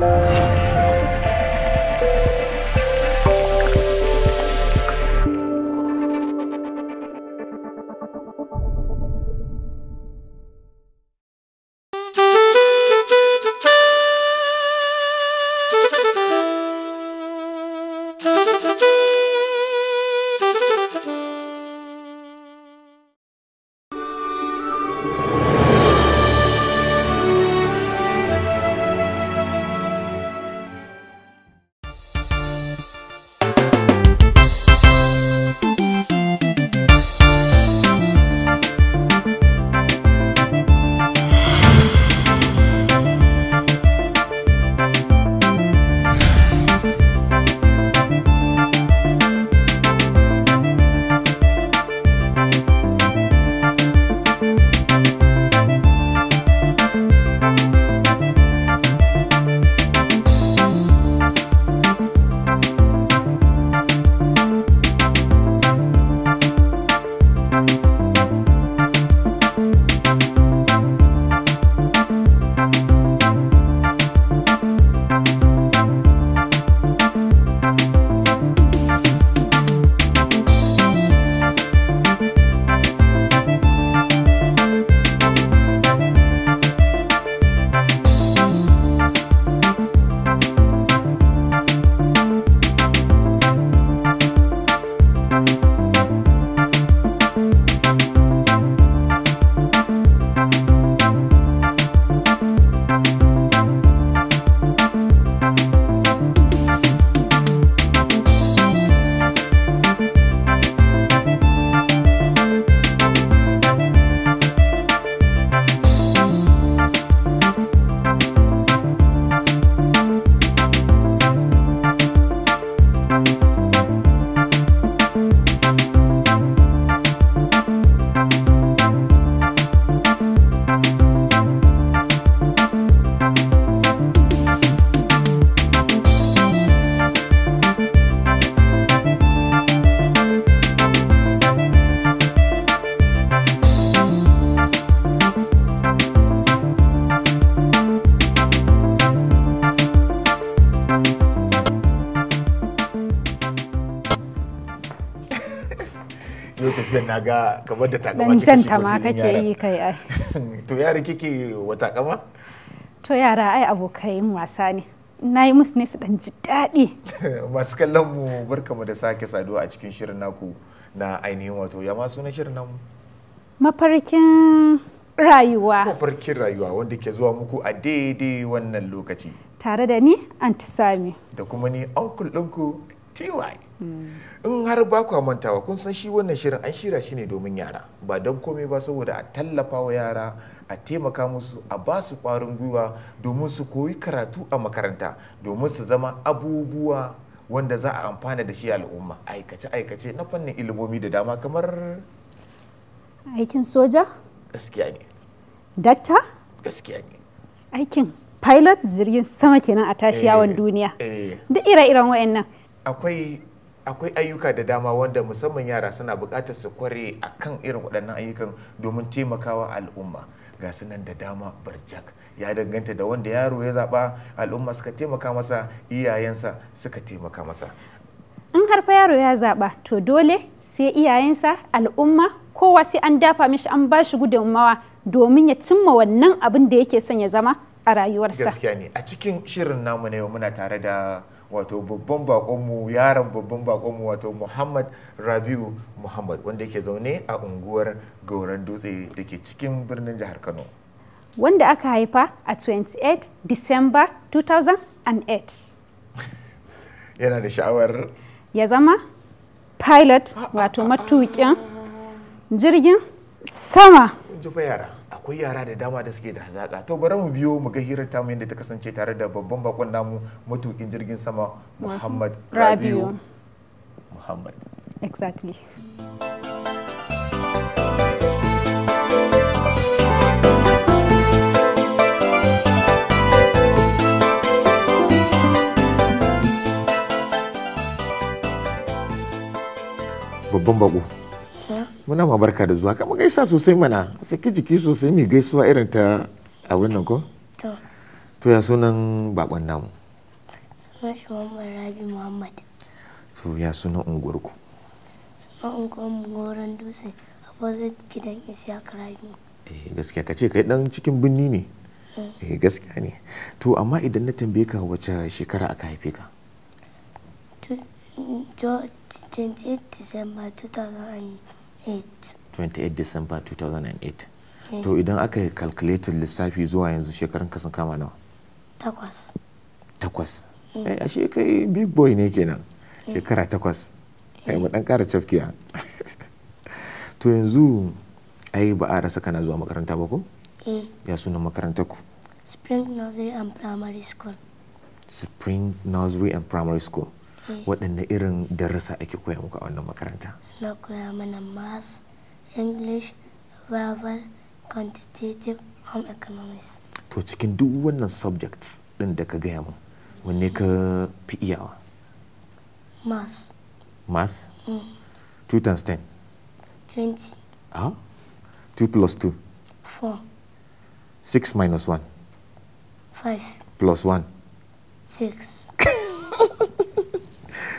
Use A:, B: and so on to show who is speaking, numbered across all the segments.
A: Música
B: yau tafiyar na ga kamar da takama kike shi ma kake yi kai ai to yara kike wa takama
C: to yara ai abokai wasa ne na yi musu ne su dan ji daɗi
B: masu kallon mu barkamu da sake saduwa a cikin shirin naku na ainihin wato ya masu na shirin namu
C: mafarkin rayuwa
B: mafarkin rayuwa wanda ke zuwa muku a daidai wannan lokaci
C: tare da ni antisami
B: da kuma ni uncle ɗinku ty in har ba kwa mantawa kun san shi wannan shirin an shira shi ne domin yara ba don komai ba saboda a tallafa wa yara a taimaka musu a ba su kwarin gwiwa domin su koyi karatu a makaranta domin su zama abubuwa wanda za a amfana da shi al'umma aikace-aikace na fannin ilimomi da dama kamar
C: aikin soja gaskiya ne dakta gaskiya ne aikin pilot jirgin sama kenan a tashi yawon eh, duniya eh. duk ire-iren wayannan
B: akwai akwai ayyuka da dama wanda musamman yara suna bukatar su kware a kan irin waɗannan ayyukan domin taimakawa al'umma ga sunan da dama barjak ya danganta da wanda yaro ya zaɓa al'umma suka taimaka masa iyayensa suka taimaka masa
C: in harfa yaro ya zaɓa to dole sai iyayensa al'umma kowa sai an dafa mishi an bashi gudunmawa domin ya cimma wannan abin da yake son ya zama a rayuwarsa gaskiya
B: ne a cikin shirin namu na yau muna tare da wato babban bakonmu yaron babban bakonmu wato muhammad rabiu muhammad wanda ke zaune a unguwar gauran dutse da ke cikin birnin jihar kano
C: wanda aka haifa a 28 december 2008
B: yana da sha'awar
C: ya zama pilot ah, ah, wato ah, matuƙin jirgin sama
B: yara akwai yara da dama da suke da hazaka to bari mu biyo mu ga hirar tamu yadda ta kasance tare da babban bakon namu matukin jirgin sama muhammad rabiu
C: muhammad exactly
B: babban bako muna ma barka da zuwa kama gaisa sosai mana saki jiki sosai mai gaisuwa irin ta a wannan ko to to ya sunan bakon namu
D: sunan shi muhammad rabi muhammad
B: to ya sunan unguwarku
D: sunan unguwar mu goron dutse a gidan isya rabi
B: eh gaskiya ka ce kai dan cikin binni ne mm. eh gaskiya ne to amma idan na tambaye ka wace shekara aka haife ka
D: 28 mm, December 2000
B: 28 December 2008 eh. to idan aka yi calculating lissafi zuwa yanzu shekarun ka sun kama nawa takwas takwas ai mm. eh, ashe kai big boy ne kenan eh. shekara takwas ai mu dan kara cafkiya to yanzu ai ba a rasa kana zuwa makaranta ba ko ya sunan makarantar ku
D: spring nursery and primary school
B: spring nursery and primary school waɗanne irin darasa ake koya muku a wannan makaranta
D: na koya mana maths english verbal quantitative home economics
B: to cikin duk wannan subjects ɗin da ka gaya mu wanne ka fi iyawa maths maths mm. two times ten twenty ah two plus two four six minus one five plus one
D: six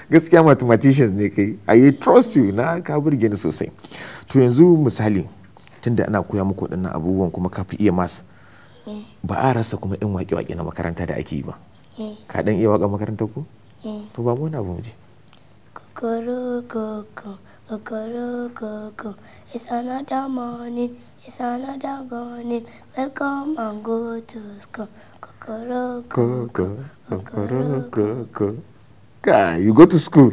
B: gaskiya mathematicians ne kai i trust you na ka burge ni sosai to yanzu misali tunda ana koya muku waɗannan abubuwan kuma ka fi iya mas eh. ba a rasa kuma yan waƙe-waƙe na makaranta da ake yi ba eh. ka dan iya waƙa makaranta ku eh. to ba mu wani abu mu je
D: Kokoro it's another morning, it's another morning, welcome and go to school. Kokoro
B: kokoro, kokoro ka you go to school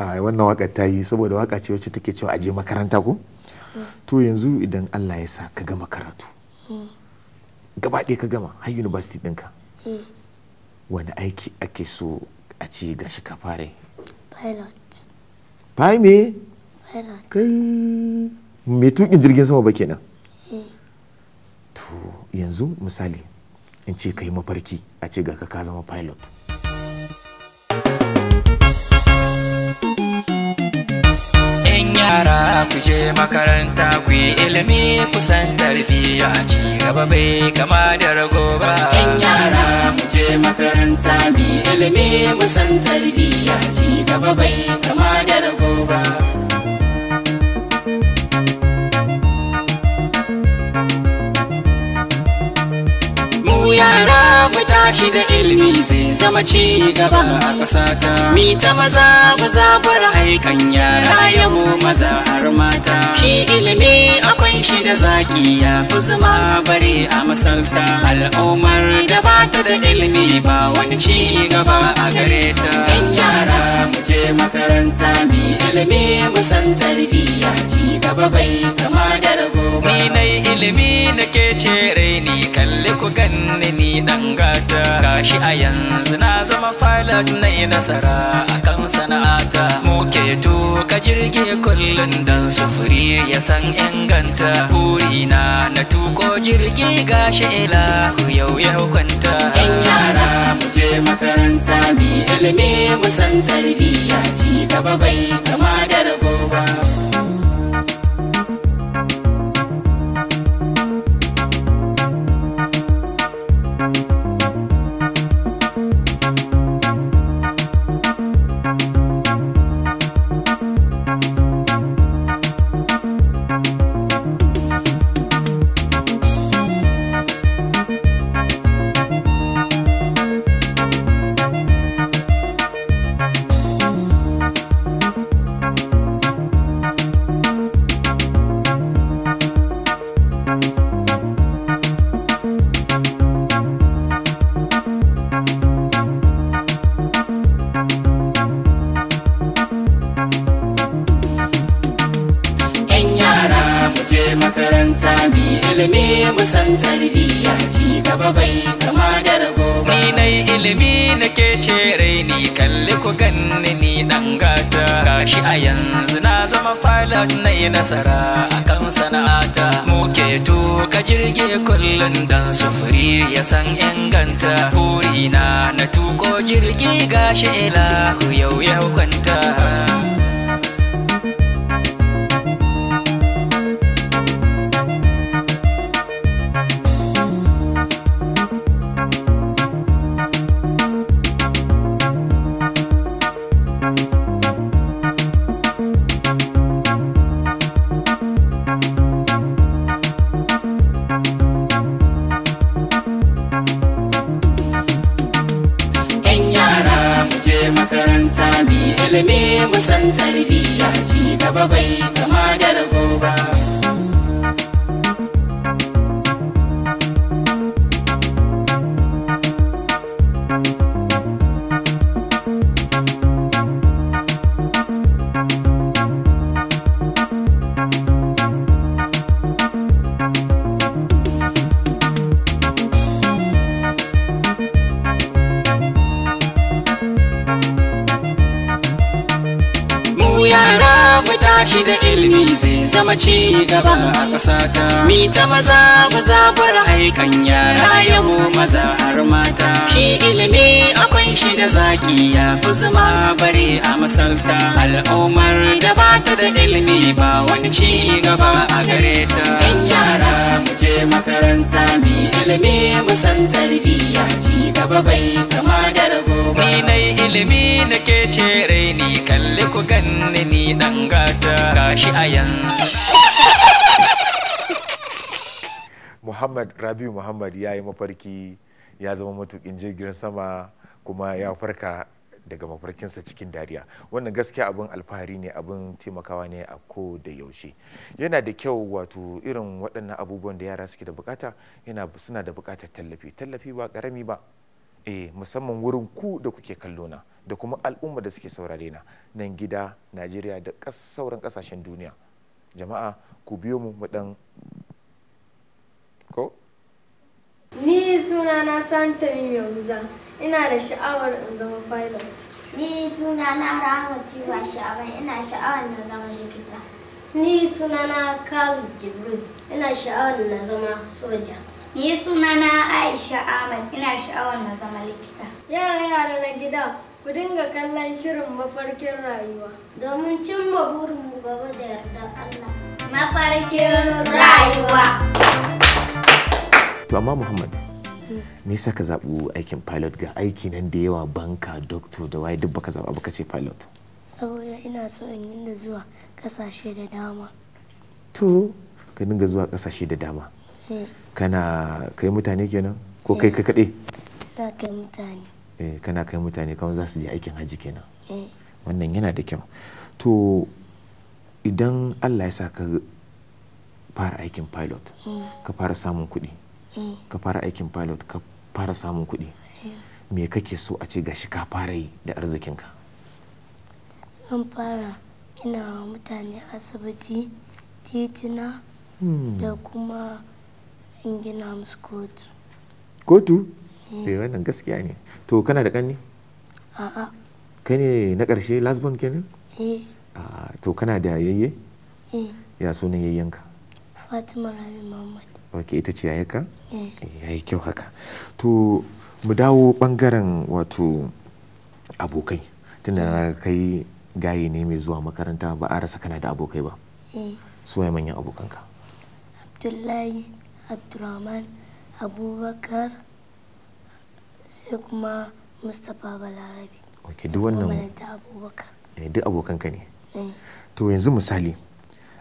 B: a wannan waka ta yi saboda waka ce wacce take cewa aje makaranta ko to yanzu idan Allah ya sa ka gama karatu gaba ɗaya ka gama har university ɗinka mm. wani aiki ake so a ce gashi ka pilot me kai me tukin jirgin sama ba kenan eh. to yanzu misali in ce ka yi mafarki a ce ga
E: ka zama pilot yara ku je makaranta ku yi ilimi kusan tarbiyya a ci gaba bai kama da rago ba yan yara mu je makaranta mu ilimi kusan tarbiyya a ci gaba bai kama da rago ba mu yara mu bashi da ilimi zai zama ci gaba a ƙasata. Mi ta maza mu zaɓar aikan yara ya mu maza har mata. Shi ilimi akwai shi da zaki ya fi zuma bare a masalta. Al'ummar da ba ta da ilimi ba wani ci gaba a gare ta. Yan yara mu je makaranta mi ilimi mu san Ya ci gaba bai kama da rago ba. Ni nai ilimi nake ce raini kalli ku ganni ni dan gata. Gashi a yanzu na zama pilot na yi nasara akan sana'ata. Muke tuka jirgi kullum dan sufuri ya san inganta. Burina na tuko jirgi gashi ilahu yau ya hukunta. Yan yara mu je makaranta mi ilimi mu san tarbiyya ci gaba bai kama da rago ba. kashe ni kalli ku ganni ni dan gata gashi a yanzu na zama falon na yi nasara kan sana'ata muke tuka jirgi kullum dan sufuri ya san inganta burina na tuko jirgi gashi ila yau ya kwanta kuma ci gaba a ƙasata. Mi ta maza mu zabar haikan yara ya mu maza har mata. Shi ilimi akwai shi da zaki ya fi zuma bare a masalta. Al'ummar da ba ta da ilimi ba wani ci gaba a gare ta. Yan yara mu je makaranta mi ilimi mu san tarbiyya ci gaba bai kama da rago ba. Ni ilimi nake ce ni. kalli ku ganni ni dan gata gashi a yanzu.
B: muhammad rabi muhammad ya yi mafarki ya zama matukin jirgin sama kuma ya farka daga mafarkinsa cikin dariya wannan gaskiya abin alfahari ne abin taimakawa ne a ko da yaushe yana da kyau wato irin waɗannan abubuwan da yara suke da bukata yana suna da bukatar tallafi tallafi ba karami ba eh musamman wurin ku da kuke kallo na da kuma al'umma da suke saurare na nan gida najeriya da sauran kasashen duniya jama'a ku biyo mu mu dan
D: Ni suna na Santa Mimiyoza, ina da sha'awar in zama pilot. Ni suna na Rahama Tiwa Sha'aban, ina sha'awar na zama likita. Ni suna na Karl Jibril, ina sha'awar na zama soja. Ni suna na Aisha Ahmad, ina sha'awar na zama likita. Yara yara na gida, ku dinga kallon shirin mafarkin rayuwa. Domin cimma burinmu gaba da yarda Allah. Mafarkin rayuwa.
B: to amma muhammad me yasa ka zaɓi aikin pilot ga aiki nan da yawa banka doctor da waye duk baka zaɓa baka ce pilot
D: saboda ina so in yinda zuwa kasashe da dama
B: to ka dinga zuwa kasashe da dama eh. kana kai mutane kenan ko kai eh. ka kaɗai
D: na kai mutane
B: eh kana kai mutane kawai za su je aikin haji kenan eh. wannan yana da kyau to idan allah ya sa ka fara aikin pilot mm. ka fara samun kuɗi ka fara aikin pilot ka fara samun kuɗi me kake so a ce gashi ka fara yi da arzikinka
D: an fara ina wa mutane asibiti titina hmm. da kuma ingina gina musu kotu
B: kotu eh wannan gaskiya ne to kana da kanni a'a kai ne na ƙarshe last born kenan eh ah, to kana da yayye eh ya sunan yayyanka
D: fatima rabi muhammad
B: ok ita ce yayi ka eh. Eh, yayi kyau haka to mu dawo bangaren wato abokai tunda na eh. kai gayi ne mai zuwa makaranta ba a rasa kana da abokai ba su waye manyan abokanka
D: abdullahi abdurrahman abubakar sai kuma mustapha balarabe
B: ok duk wannan duk abokanka ne to yanzu misali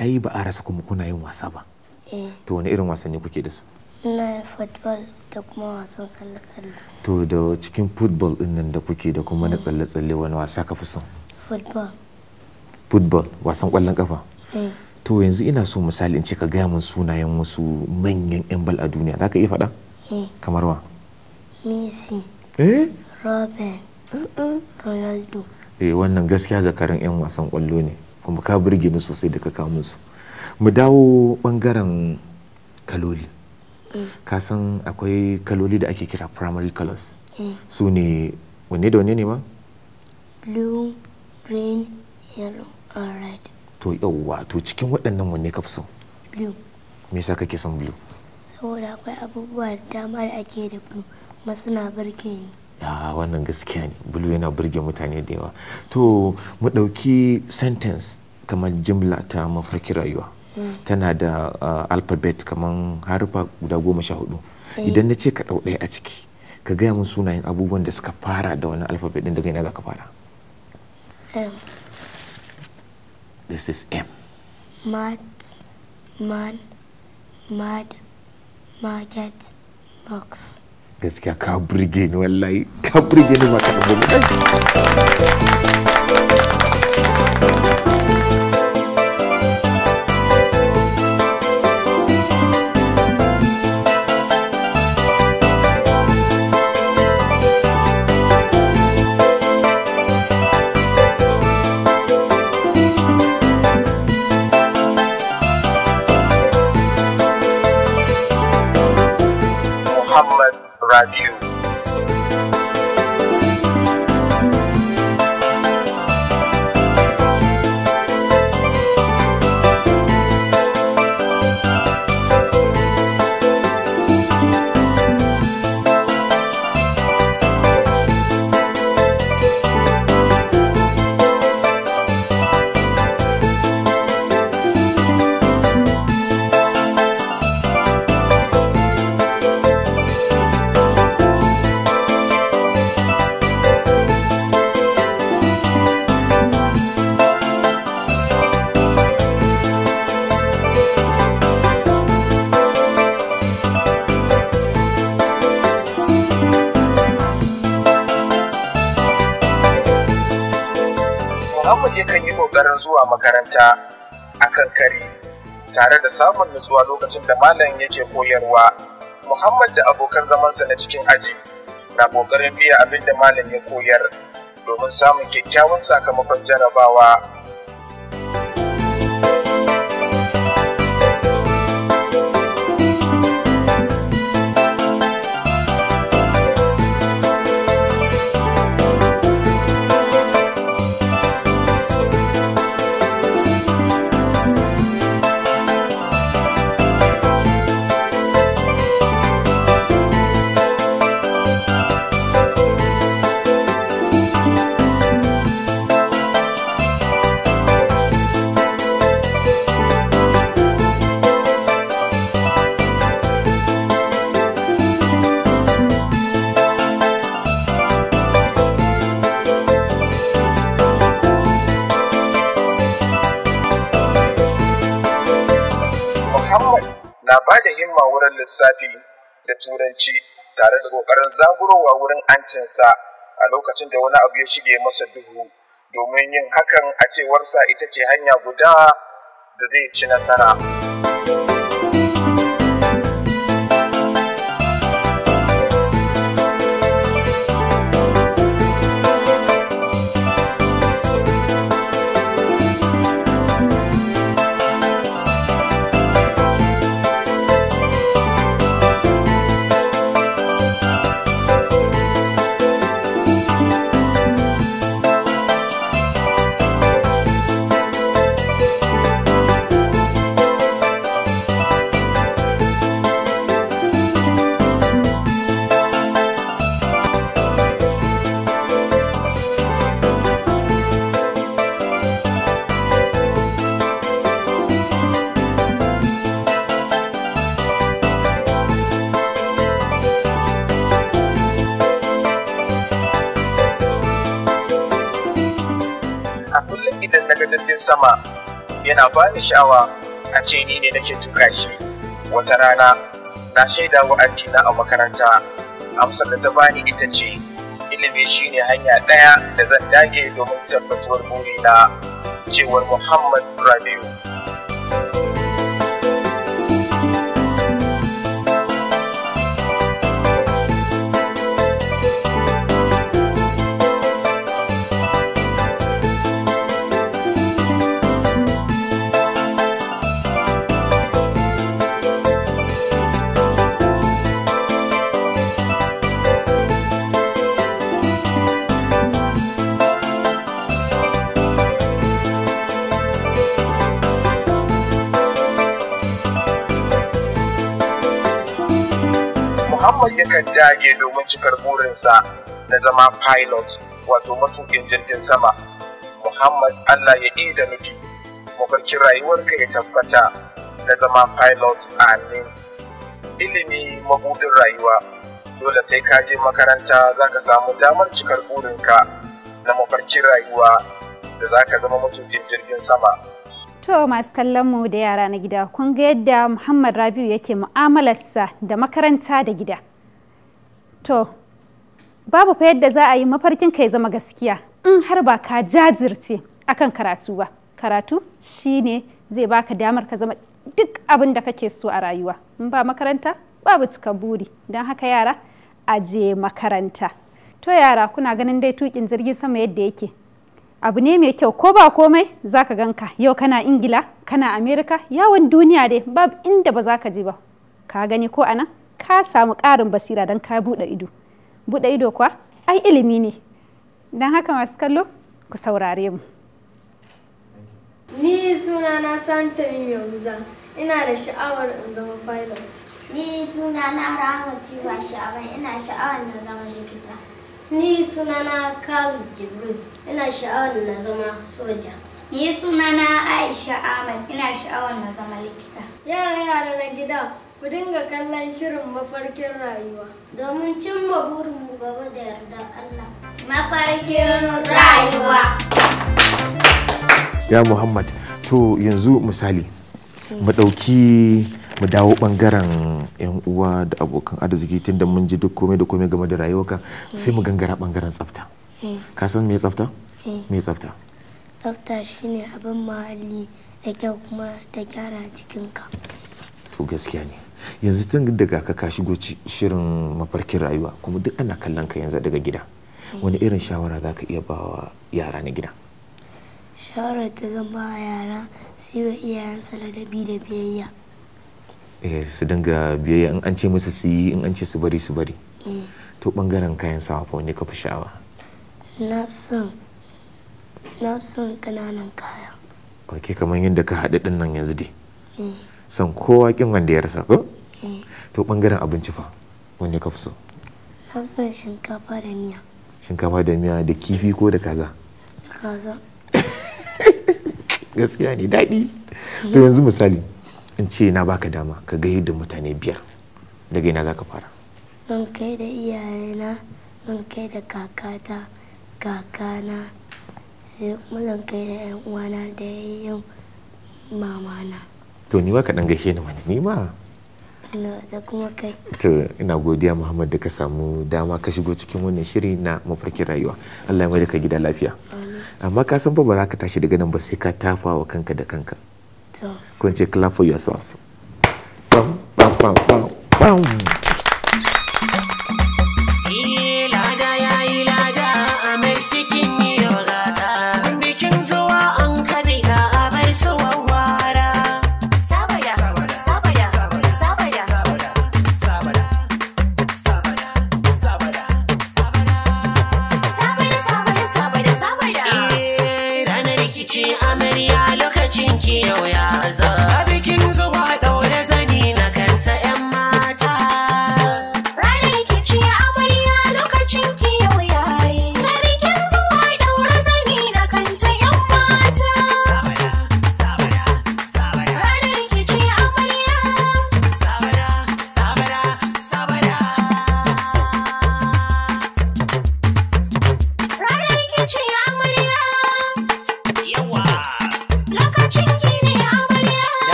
B: ai ba a rasa kuma kuna yin wasa ba Eh. to wani irin wasanni kuke da su
D: ina football da kuma wasan tsalle-tsalle
B: to da cikin football din nan da kuke da kuma na tsalle-tsalle wani wasa ka fi son football football wasan kwallon kafa eh. to yanzu ina so misali in ce ka gaya min sunayen wasu manyan yan bal a duniya za ka iya faɗa eh. kamar wa messi eh
D: robin ronaldo
B: eh wannan gaskiya zakarin yan wasan kwallo ne kuma ka burge ni sosai da ka kawo musu mu dawo bangaren kaloli mm. kasan akwai kaloli da ake kira primary colors mm. su ne wanne da wanne ne ma?
D: blue green yellow and red
B: to yauwa to cikin waɗannan wanne ka fi so? blue me yasa kake son blue?
D: saboda akwai abubuwa da dama da ake da blue kuma suna birge ni
B: ya wannan gaskiya ne blue yana birge mutane da yawa to mu ɗauki sentence kamar jimla ta mafarki rayuwa tana da uh, alphabet kamar harufa guda goma sha hudu idan na ce ka dau ɗaya a ciki ka gaya min sunayen abubuwan da suka fara da wani alphabet ɗin daga ina za ka fara M. This is M.
D: Mat, man, mad, market, box.
B: Gaskiya ka burge ni wallahi ka burge ni ma ka burge ni.
F: review yakan yi ƙoƙarin zuwa makaranta akan kari tare da samun nutsuwa lokacin da malam yake koyarwa muhammad da abokan zamansa na cikin aji na ƙoƙarin biya abin da malam ya koyar domin samun kyakkyawan sakamakon jarabawa lissafi da turanci tare da ƙoƙarin zagurowa wurin ancinsa a lokacin da wani abu ya shige masa duhu domin yin hakan a cewarsa ita ce hanya guda da zai ci nasara. yana ba ni sha'awa a ce ni ne nake tuka shi wata rana na shaida wa na a makaranta amsar da ta bani ita ce ilimi ne hanya ɗaya da zan dage domin tabbatuwar na cewar muhammad rabiu dage domin cikar burinsa na zama pilot wato matukin jirgin sama muhammad allah ya yi da nufi mafarkin rayuwarka ya tabbata na zama pilot amin ilimi mabudin rayuwa dole sai ka je makaranta za ka samu damar cikar burinka na mafarkin rayuwa da za ka zama matukin jirgin sama
C: To masu kallon mu da yara na gida kun ga yadda Muhammad Rabiu yake mu'amalarsa da makaranta da gida. to babu fa yadda za a yi mafarkin kai zama gaskiya in har ba ka jajirce akan karatu ba karatu shine zai baka damar ka zama duk abin da kake so a rayuwa in ba makaranta babu cika buri don haka yara a je makaranta to yara kuna ganin dai tukin jirgin sama yadda yake abu ne mai kyau ko ba komai za ka ganka yau kana ingila kana amerika yawon duniya dai babu inda ba za ka je ba ka gani ko anan ka samu ƙarin basira don ka buɗe ido buɗe ido kuwa ai ilimi ne don haka masu kallo ku saurare mu
D: ni suna na santa mimiyoza ina da sha'awar in zama pilot ni suna na rahama tiwa sha'awar ina sha'awar na zama likita ni suna na karl jibril ina sha'awar na zama soja ni suna na aisha Ahmed ina sha'awar na zama likita yara yara na gida Ku dinga kallon shirin mafarkin rayuwa. Domin cimma burinmu gaba da yarda Allah. Mafarkin rayuwa.
B: Ya Muhammad, to yanzu misali, mu ɗauki mu dawo bangaren yan uwa da abokan arziki tun da mun ji duk komai da komai game da rayuwarka sai mu gangara bangaren tsafta eh. ka san me tsafta eh. me tsafta
D: tsafta shine abin mahalli da kyau kuma da gyara jikinka
B: to gaskiya ne yanzu tun daga ka ka shigo shirin mafarkin rayuwa kuma duk ana kallon ka yanzu daga gida wani irin shawara za ka iya bawa yara na gida
D: shawara ta zama a yara su yi wa iyayensu ladabi da biyayya
B: eh su dinga biyayya in an ce musu su yi in an ce su bari su bari eh. to bangaren kayan sawa fa wani ka fi sha'awa
D: na fi son kananan kaya
B: ok kamar yadda ka haɗu ɗin nan yanzu dai eh. son kowa kin wanda ya rasa ko Eh. to bangaren abinci fa wanda ka fi so
D: na shinkafa da miya
B: shinkafa da miya da kifi ko da kaza kaza gaskiya ne daɗi to yanzu misali in ce na baka dama ka ga yadda mutane biyar daga ina za ka fara
D: in kai da iyayena in kai da kakata kakana sai mulan kai da yan uwana da yayyan mamana
B: to ni ba ka ɗan gaishe ni mana ni ma Allah ina godiya Muhammad da ka samu dama ka shigo cikin wannan shiri na mafarkin rayuwa. Allah ya mai da ka gida lafiya. Amma ka san fa ba za ka tashi daga nan ba sai ka tafa wa kanka da kanka. Kun ce clap for yourself. Bam bam bam bam.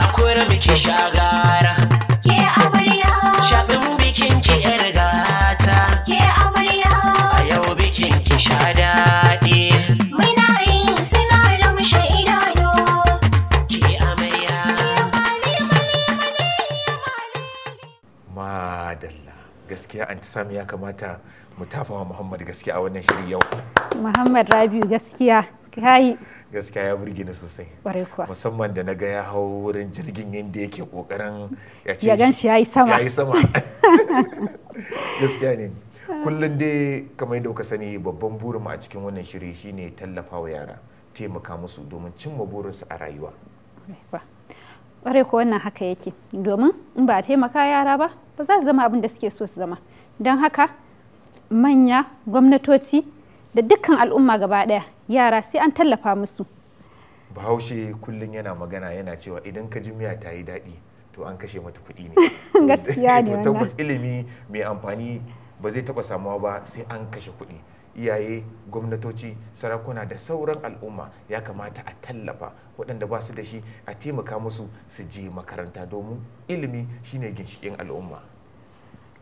A: shakura biki shagara ke amarya shaɗin bikin ki yar gata ke amarya a yau bikin ki sha daɗi
B: gaskiya anti sami ya kamata mu wa muhammad gaskiya a wannan shirin yau
C: muhammad rabiu gaskiya kai
B: gaskiya ya burge ni sosai musamman da na ga ya hau wurin jirgin yadda yake kokarin ya ce ya shi ya yi sama ya yi sama gaskiya ne kullum dai kamar yadda kuka sani babban burinmu a cikin wannan shiri shine tallafa wa yara taimaka musu domin cimma burinsu a rayuwa
C: ware ko wannan haka yake domin in ba a taimaka yara ba ba za su zama abin da suke so su zama don haka manya gwamnatoci da dukkan al'umma gaba daya yara sai an tallafa musu
B: bahaushe kullum yana magana yana cewa idan ka jimiya ta yi daɗi to an kashe mata kuɗi ne
C: gaskiya
B: eh, ne tabbas ilimi mai amfani ba zai taɓa samuwa ba sai an kashe kuɗi iyaye gwamnatoci sarakuna da sauran al'umma ya kamata a tallafa waɗanda ba su da shi a taimaka musu su je makaranta domin ilimi shine ginshikin al'umma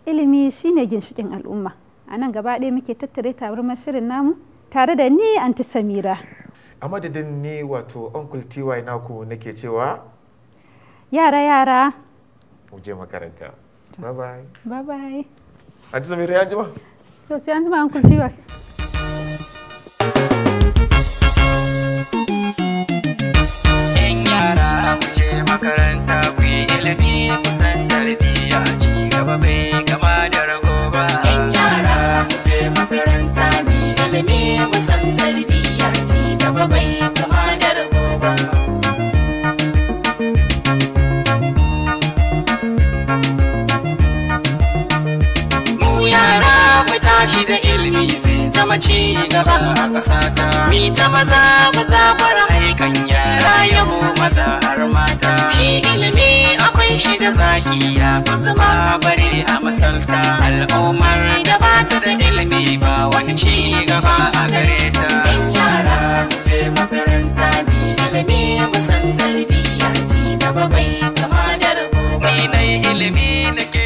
C: ilimi shine ginshikin al'umma a nan gaba ɗaya muke tattare tabarmar shirin namu tare da ni anti samira
B: a madadin ni wato uncle ty naku nake cewa
C: yara yara
B: mu je makaranta bye bye
C: bye bye
B: anti samira ya jima
C: to sai an jima uncle ty
E: ci gaba a Mi ta maza maza fara aikan yara ya mu maza har mata. Shi ilimi akwai shi da zaki ya fi zuma bare a masalta. Al'ummar da ba ta da ilimi ba wani ci gaba a gare ta. yara je makaranta bi ilimi musan tarbiyya ci gaba bai kama da rago. Ni ilimi nake